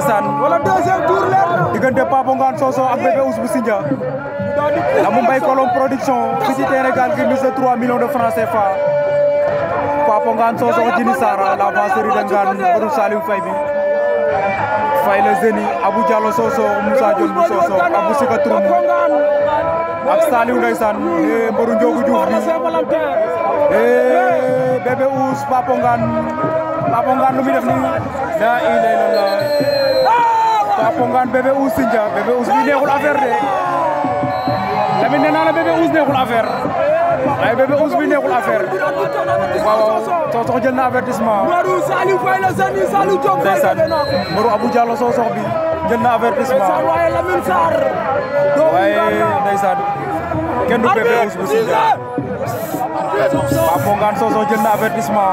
ndeysaan wala deuxième tour leer diggante Papa Ngane Sossokh ak bébé Ousbou Sindia Lamou bay Colombe production ci ci terrain Gaal Gui mise 3 millions de francs CFA Papa Ngane Sossokh Jini Sara la série de Ngane Badou Salim Faye bi Faye le Zeni Abou Diallo Soso Moussa Diol Soso Sossokh Abou Sika Tourou. ak Salim Saliou ndeysaan mbaru Ndiogu Diouf bi bébé Ous Papa Ngane Papa Ngane lu mi def ni la ilaha illallah Pongane Bébé Ouss Sindia Bébé Ouss bi neexul affaire de Lamine nee naa la Bébé Ouss neexul affaire waaye Bébé Ouss bi neexul affaire waaw Sosokh jël na avertissement ndeysaan mbaru Abou Diallo Sosokh bi jël na avertissement waaye ndeysaan kenn du Bébé Ouss bu Sindia waaw Pongane na avertissement